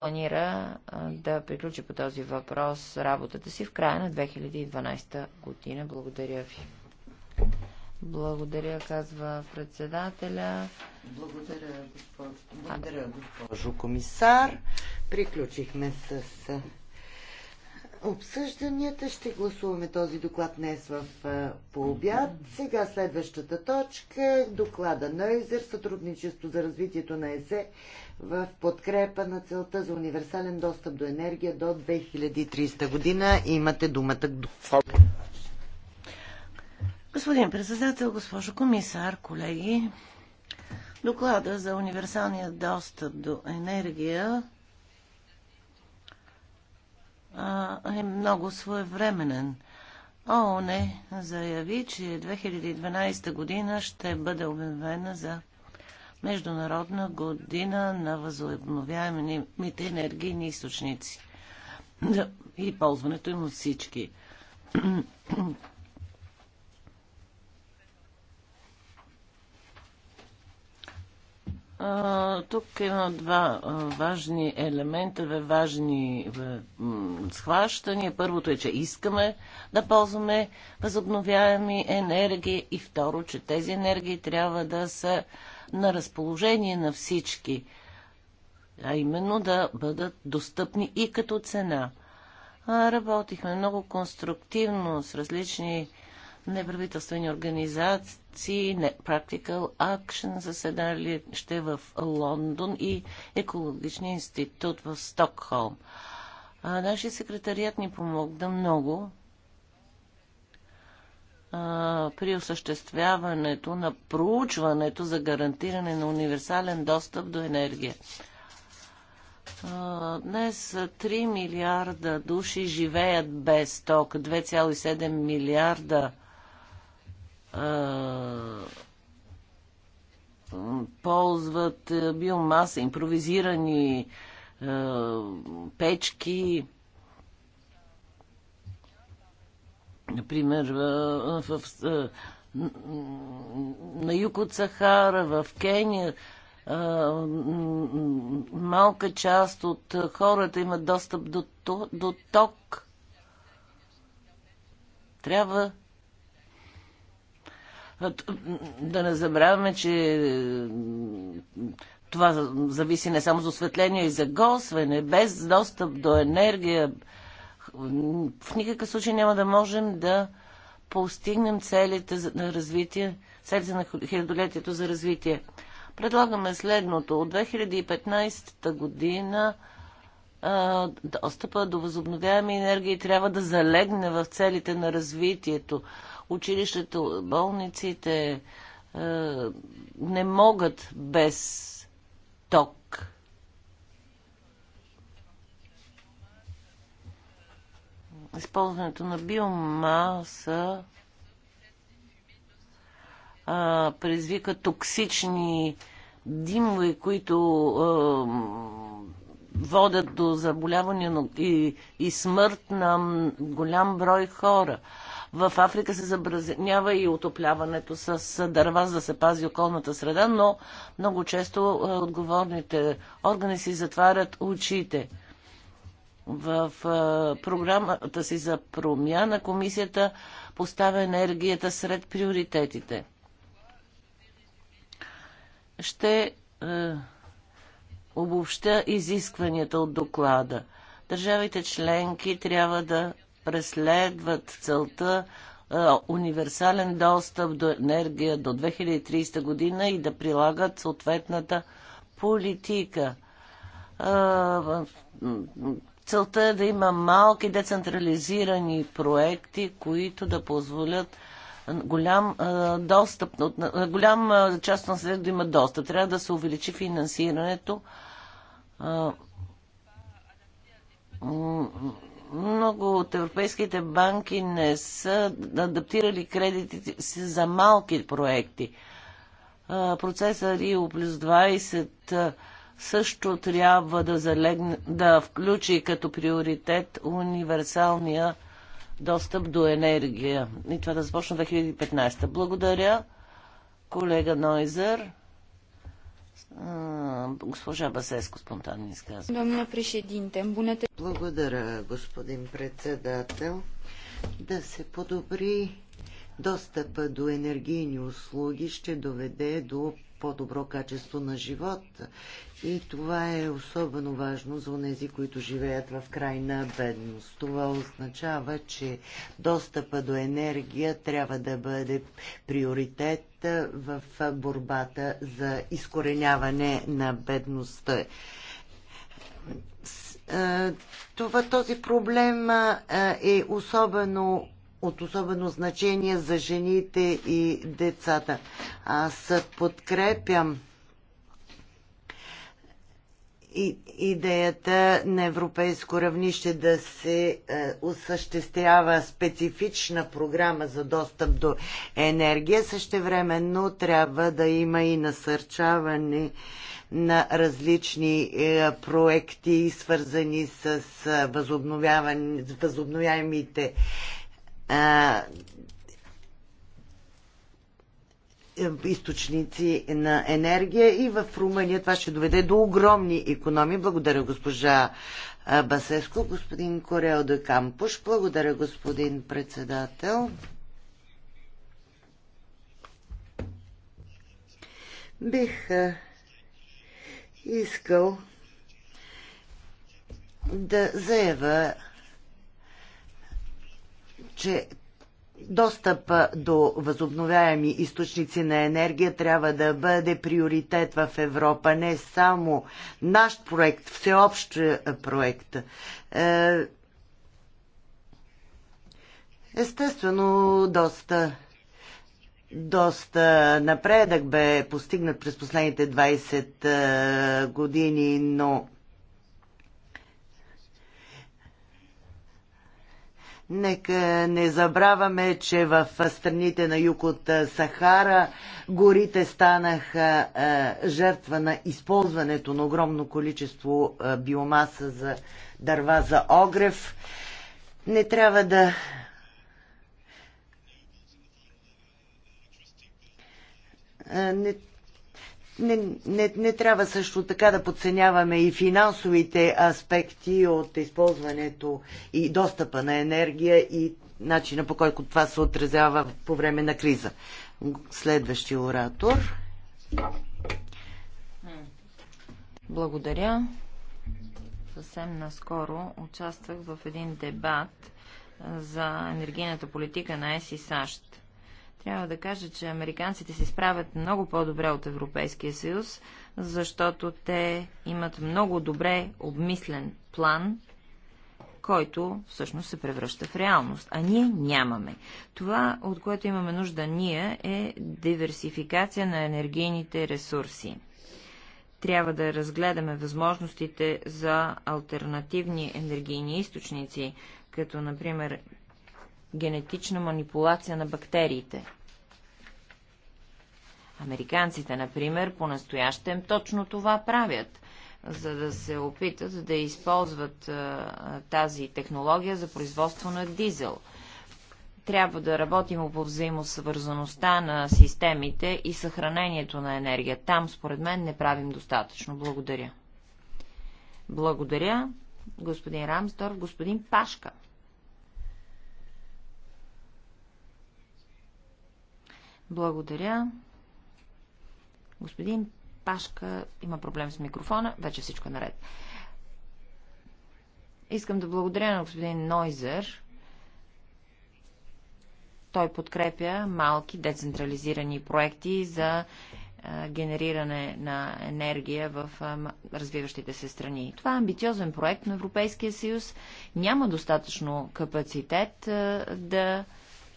планира да приключи по този въпрос работата си в края на 2012 година. Благодаря ви. Благодаря, казва председателя. Благодаря, госпожо, Благодаря, госпожо комисар. Приключихме с обсъжданията. Ще гласуваме този доклад днес в по обяд. Сега следващата точка е доклада Нойзер, сътрудничество за развитието на ЕСЕ в подкрепа на целта за универсален достъп до енергия до 2030 година. Имате думата. Господин председател, госпожо комисар, колеги, доклада за универсалния достъп до енергия е много своевременен. ООН е заяви, че 2012 година ще бъде обявена за Международна година на възобновяемите енергийни източници и ползването им от всички. тук има два важни елемента, две важни схващания. Първото е, че искаме да ползваме възобновяеми енергии и второ, че тези енергии трябва да са на разположение на всички, а именно да бъдат достъпни и като цена. Работихме много конструктивно с различни неправителствени организации, не, Practical Action, заседалище в Лондон и екологичния институт в Стокхолм. А, нашия секретарият ни помогна много а, при осъществяването на проучването за гарантиране на универсален достъп до енергия. Днес 3 милиарда души живеят без ток, 2,7 милиарда ползват биомаса, импровизирани печки. Например, в, в, в, на юг от Сахара, в Кения, малка част от хората имат достъп до, до ток. Трябва да не забравяме, че това зависи не само за осветление, и за госвене, без достъп до енергия. В никакъв случай няма да можем да постигнем целите на развитие, целите на хилядолетието за развитие. Предлагаме следното. От 2015 година достъпа до възобновяеми енергии трябва да залегне в целите на развитието. Училището, болниците не могат без ток. Използването на биомаса а, предизвика токсични димове, които водят до заболявания и, и смърт на голям брой хора. В Африка се забранява и отопляването с дърва, за да се пази околната среда, но много често е, отговорните органи си затварят очите. В е, програмата си за промяна комисията поставя енергията сред приоритетите. Ще е, обобща изискванията от доклада. Държавите членки трябва да преследват целта универсален достъп до енергия до 2030 година и да прилагат съответната политика. Целта е да има малки децентрализирани проекти, които да позволят голям достъп, голям част на населението има достъп. Трябва да се увеличи финансирането. Много от европейските банки не са адаптирали кредитите си за малки проекти. Процесът Рио плюс 20 също трябва да, залегне, да включи като приоритет универсалния достъп до енергия. И това да започна 2015. Благодаря, колега Нойзер. Госпожа Басеско спонтанно изказва. Домна președинте, бунете. Благодаря, господин председател. Да се подобри достъпа до енергийни услуги ще доведе до по-добро качество на живот. И това е особено важно за тези, които живеят в крайна бедност. Това означава, че достъпа до енергия трябва да бъде приоритет в борбата за изкореняване на бедността. Това, този проблем е особено от особено значение за жените и децата. Аз подкрепям идеята на европейско равнище да се е, осъществява специфична програма за достъп до енергия. Същевременно трябва да има и насърчаване на различни е, проекти, свързани с е, възобновяемите източници на енергия и в Румъния това ще доведе до огромни економии. Благодаря госпожа Басеско, господин Корео де Кампуш. Благодаря господин председател. Бих искал да заявя че достъп до възобновяеми източници на енергия трябва да бъде приоритет в Европа, не само наш проект, всеобщ е, проект. Е, естествено, доста доста напредък бе постигнат през последните 20 е, години, но Нека не забравяме, че в страните на юг от Сахара горите станаха жертва на използването на огромно количество биомаса за дърва за огрев. Не трябва да не, не, не, не трябва също така да подценяваме и финансовите аспекти от използването и достъпа на енергия и начина по който това се отразява по време на криза. Следващия оратор. Благодаря. Съвсем наскоро участвах в един дебат за енергийната политика на ЕС и САЩ. Трябва да кажа, че американците се справят много по-добре от Европейския съюз, защото те имат много добре обмислен план, който всъщност се превръща в реалност. А ние нямаме. Това, от което имаме нужда ние, е диверсификация на енергийните ресурси. Трябва да разгледаме възможностите за альтернативни енергийни източници, като например генетична манипулация на бактериите. Американците, например, по-настоящем точно това правят, за да се опитат да използват а, тази технология за производство на дизел. Трябва да работим по взаимосвързаността на системите и съхранението на енергия. Там, според мен, не правим достатъчно. Благодаря. Благодаря, господин Рамстор, господин Пашка. Благодаря. Господин Пашка има проблем с микрофона. Вече всичко е наред. Искам да благодаря на господин Нойзер. Той подкрепя малки децентрализирани проекти за генериране на енергия в развиващите се страни. Това е амбициозен проект, но Европейския съюз няма достатъчно капацитет да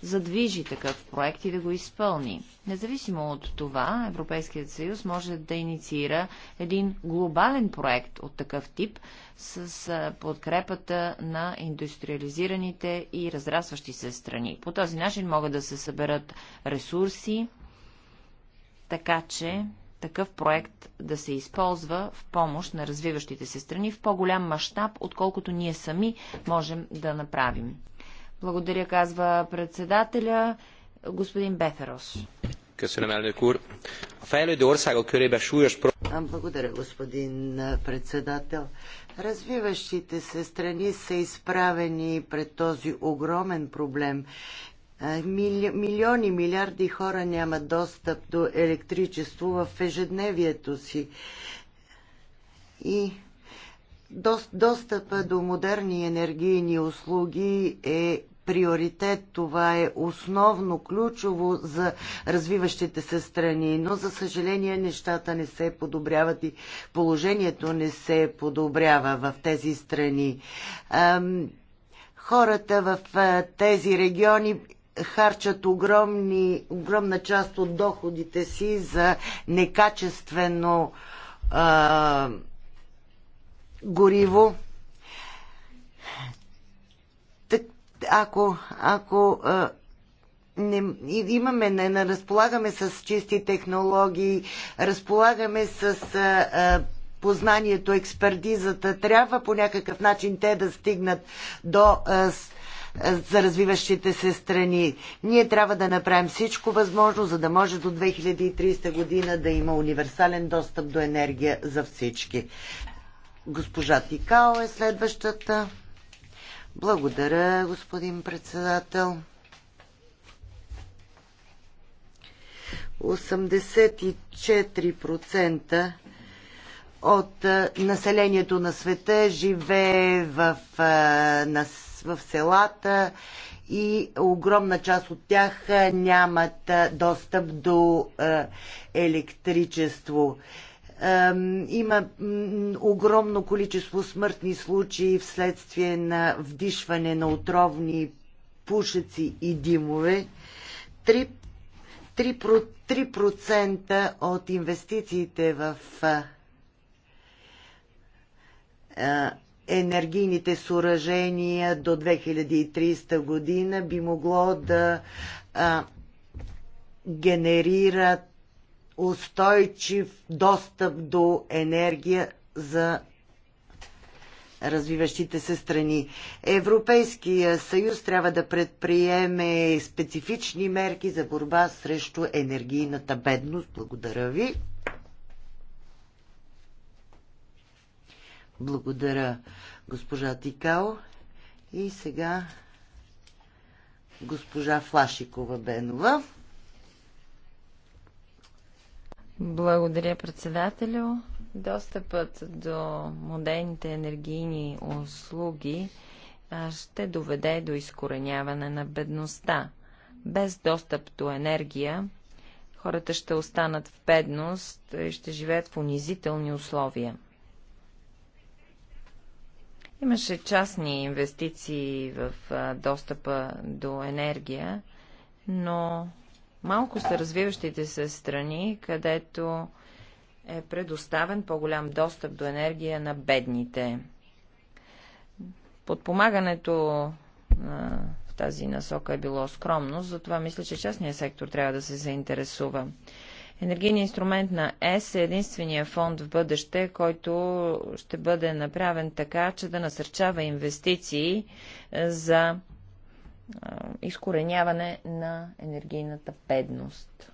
задвижи такъв проект и да го изпълни. Независимо от това, Европейският съюз може да инициира един глобален проект от такъв тип с подкрепата на индустриализираните и разрастващи се страни. По този начин могат да се съберат ресурси, така че такъв проект да се използва в помощ на развиващите се страни в по-голям мащаб, отколкото ние сами можем да направим. Благодаря, казва председателя, господин Беферос. Благодаря, господин председател. Развиващите се страни са изправени пред този огромен проблем. милиони, милиарди хора нямат достъп до електричество в ежедневието си. И достъпа до модерни енергийни услуги е приоритет. Това е основно ключово за развиващите се страни. Но, за съжаление, нещата не се подобряват и положението не се подобрява в тези страни. хората в тези региони харчат огромни, огромна част от доходите си за некачествено а, гориво. Так, ако ако не, имаме, не, не разполагаме с чисти технологии, разполагаме с а, а, познанието, експертизата, трябва по някакъв начин те да стигнат до а, с, а, за развиващите се страни. Ние трябва да направим всичко възможно, за да може до 2030 година да има универсален достъп до енергия за всички. Госпожа Тикао е следващата. Благодаря, господин председател. 84% от населението на света живее в, в селата и огромна част от тях нямат достъп до електричество. Има огромно количество смъртни случаи вследствие на вдишване на отровни пушеци и димове. 3, от инвестициите в енергийните съоръжения до 2030 година би могло да генерират устойчив достъп до енергия за развиващите се страни. Европейския съюз трябва да предприеме специфични мерки за борба срещу енергийната бедност. Благодаря ви. Благодаря, госпожа Тикао. И сега госпожа Флашикова Бенова. Благодаря, председателю. Достъпът до модерните енергийни услуги ще доведе до изкореняване на бедността. Без достъп до енергия, хората ще останат в бедност и ще живеят в унизителни условия. Имаше частни инвестиции в достъпа до енергия, но Малко са развиващите се страни, където е предоставен по-голям достъп до енергия на бедните. Подпомагането на в тази насока е било скромно, затова мисля, че частният сектор трябва да се заинтересува. Енергийният инструмент на ЕС е единствения фонд в бъдеще, който ще бъде направен така, че да насърчава инвестиции за изкореняване на енергийната бедност.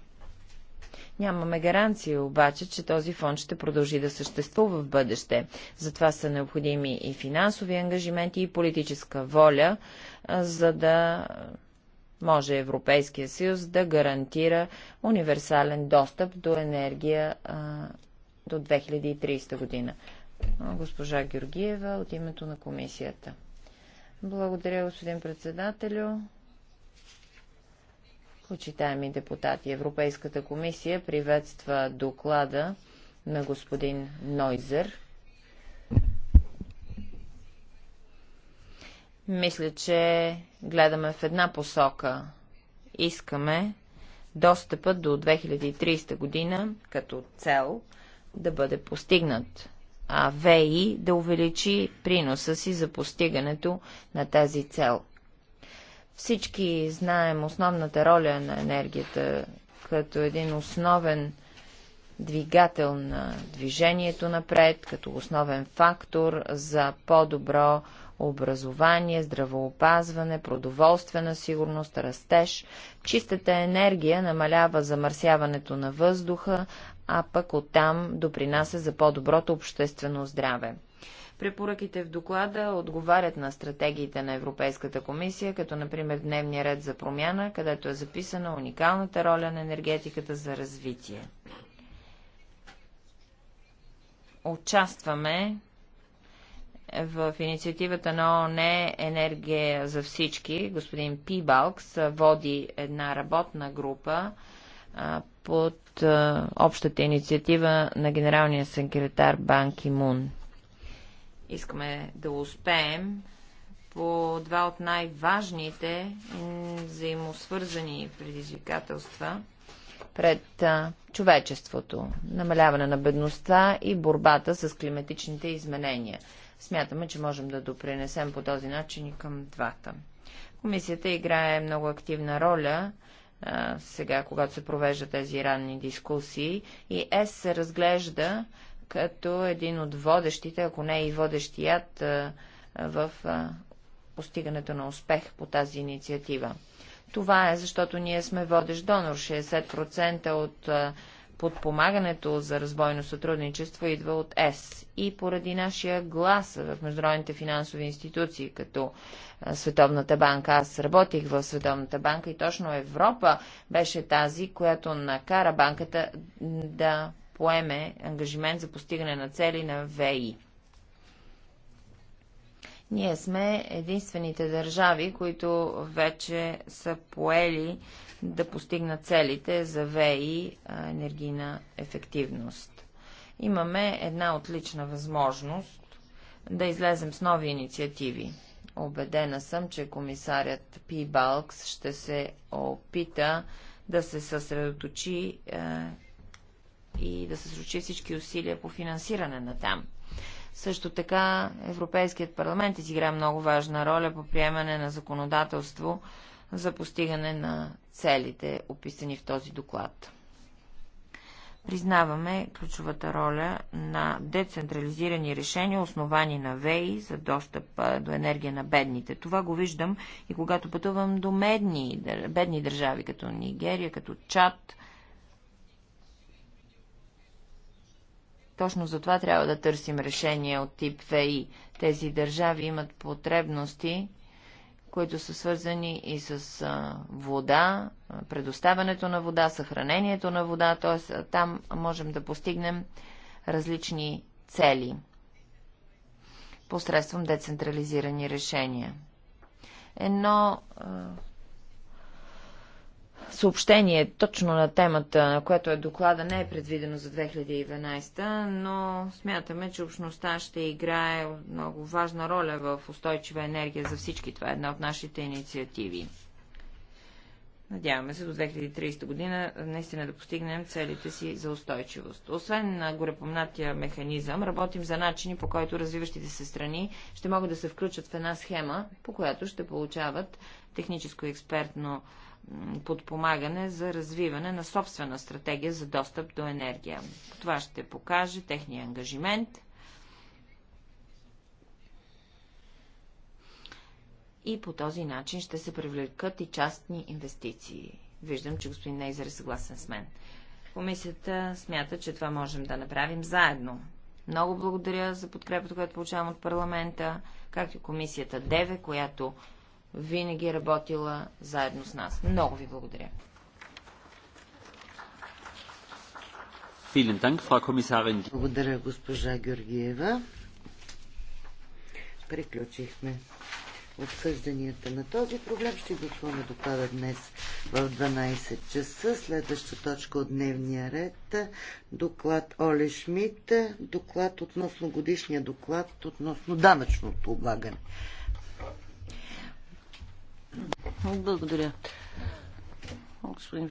Нямаме гаранция обаче, че този фонд ще продължи да съществува в бъдеще. Затова са необходими и финансови ангажименти, и политическа воля, за да може Европейския съюз да гарантира универсален достъп до енергия а, до 2030 година. Госпожа Георгиева от името на комисията. Благодаря, господин председателю. Почитаеми депутати, Европейската комисия приветства доклада на господин Нойзер. Мисля, че гледаме в една посока. Искаме достъпът до 2030 година като цел да бъде постигнат а ВИ да увеличи приноса си за постигането на тази цел. Всички знаем основната роля на енергията като един основен двигател на движението напред, като основен фактор за по-добро образование, здравоопазване, продоволствена сигурност, растеж. Чистата енергия намалява замърсяването на въздуха, а пък оттам допринася за по-доброто обществено здраве. Препоръките в доклада отговарят на стратегиите на Европейската комисия, като например дневния ред за промяна, където е записана уникалната роля на енергетиката за развитие. Участваме в инициативата на ООН Енергия за всички. Господин Пибалкс води една работна група под а, общата инициатива на генералния секретар Бан Мун. Искаме да успеем по два от най-важните взаимосвързани предизвикателства пред а, човечеството намаляване на бедността и борбата с климатичните изменения. Смятаме, че можем да допринесем по този начин и към двата. Комисията играе много активна роля сега, когато се провежда тези ранни дискусии. И ЕС се разглежда като един от водещите, ако не и водещият в постигането на успех по тази инициатива. Това е, защото ние сме водещ донор. 60% от подпомагането за разбойно сътрудничество идва от ЕС и поради нашия глас в международните финансови институции, като Световната банка. Аз работих в Световната банка и точно Европа беше тази, която накара банката да поеме ангажимент за постигане на цели на ВИ. Ние сме единствените държави, които вече са поели да постигна целите за ВЕИ енергийна ефективност. Имаме една отлична възможност да излезем с нови инициативи. Обедена съм, че комисарят Пи Балкс ще се опита да се съсредоточи е, и да се съсредоточи всички усилия по финансиране на там. Също така Европейският парламент изигра много важна роля по приемане на законодателство за постигане на целите, описани в този доклад. Признаваме ключовата роля на децентрализирани решения, основани на ВЕИ за достъп до енергия на бедните. Това го виждам и когато пътувам до медни, бедни държави, като Нигерия, като Чад. Точно за това трябва да търсим решения от тип ВЕИ. Тези държави имат потребности които са свързани и с вода, предоставянето на вода, съхранението на вода, т.е. там можем да постигнем различни цели посредством децентрализирани решения. Едно съобщение точно на темата, на което е доклада, не е предвидено за 2011, но смятаме, че общността ще играе много важна роля в устойчива енергия за всички. Това е една от нашите инициативи. Надяваме се до 2030 година наистина да постигнем целите си за устойчивост. Освен на горепомнатия механизъм, работим за начини, по който развиващите се страни ще могат да се включат в една схема, по която ще получават техническо и експертно подпомагане за развиване на собствена стратегия за достъп до енергия. Това ще покаже техния ангажимент и по този начин ще се привлекат и частни инвестиции. Виждам, че господин Нейзер е съгласен с мен. Комисията смята, че това можем да направим заедно. Много благодаря за подкрепата, която получавам от парламента, както и комисията ДЕВЕ, която винаги е работила заедно с нас. Много ви благодаря. Благодаря, госпожа Георгиева. Приключихме обсъжданията на този проблем. Ще гласуваме доклада днес в 12 часа. Следваща точка от дневния ред. Доклад Оле Шмидт. Доклад относно годишния доклад относно данъчното облагане. Благодаря. Господин